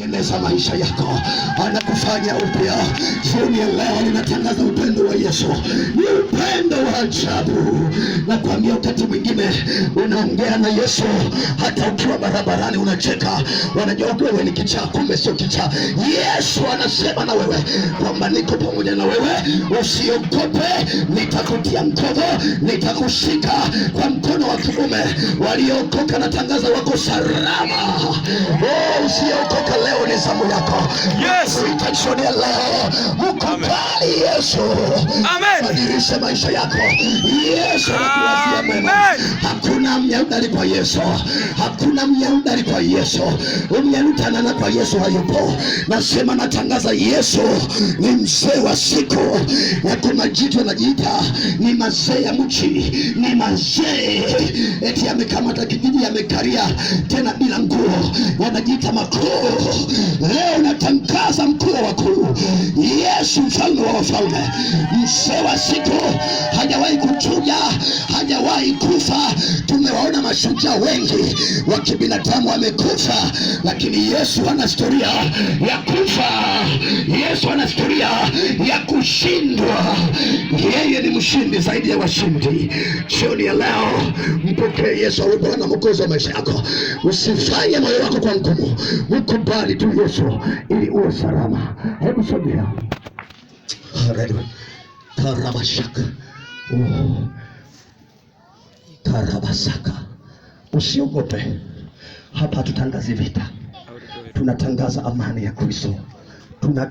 Eleza maisha yako, anakufanya upya. Jioni ya leo ninatangaza upendo wa Yesu, ni upendo wa ajabu. Nakwambia, wakati mwingine unaongea na Yesu hata ukiwa barabarani unacheka, wanajua wewe ni kichaa, kumbe sio kichaa. Yesu anasema na wewe kwamba niko pamoja na wewe, usiogope, nitakutia mkono, nitakushika kwa mkono wa kiume. Waliokoka na tangaza wako salama. Oh, usiokoka, leo ni zamu yako. Yes, itajionea leo mko Yesu badilisha maisha yako. Yesu anakuwazia Hakuna Myahudi alipo Yesu, hakuna Myahudi alipo Yesu. Myahudi anaona kwa Yesu hayupo. Nasema natangaza, Yesu ni mzee wa siku, na kuna jitu anajiita ni mazee ya mchi, ni mazee eti amekamata kijiji, amekaria tena bila nguo, anajiita makuu. Leo natangaza mkuu wa wakuu Yesu mfalme wa wafalme. Mzee wa siku hajawahi kuchuja, hajawahi kufa. Tumewaona mashujaa wengi wa kibinadamu wamekufa, lakini Yesu ana historia ya kufa. Yesu ana historia ya kushindwa. Yeye ni mshindi zaidi ya washindi. Jioni ya leo mpokee Yesu awe Bwana Mwokozi wa maisha yako. Usifanye moyo wako kwa ngumu mkubali tu Yesu ili uwe salama. Hebu sogea. Karabashaka oh. karabasaka. Usiogope, hapa hatutangazi vita, tunatangaza amani ya Kristo.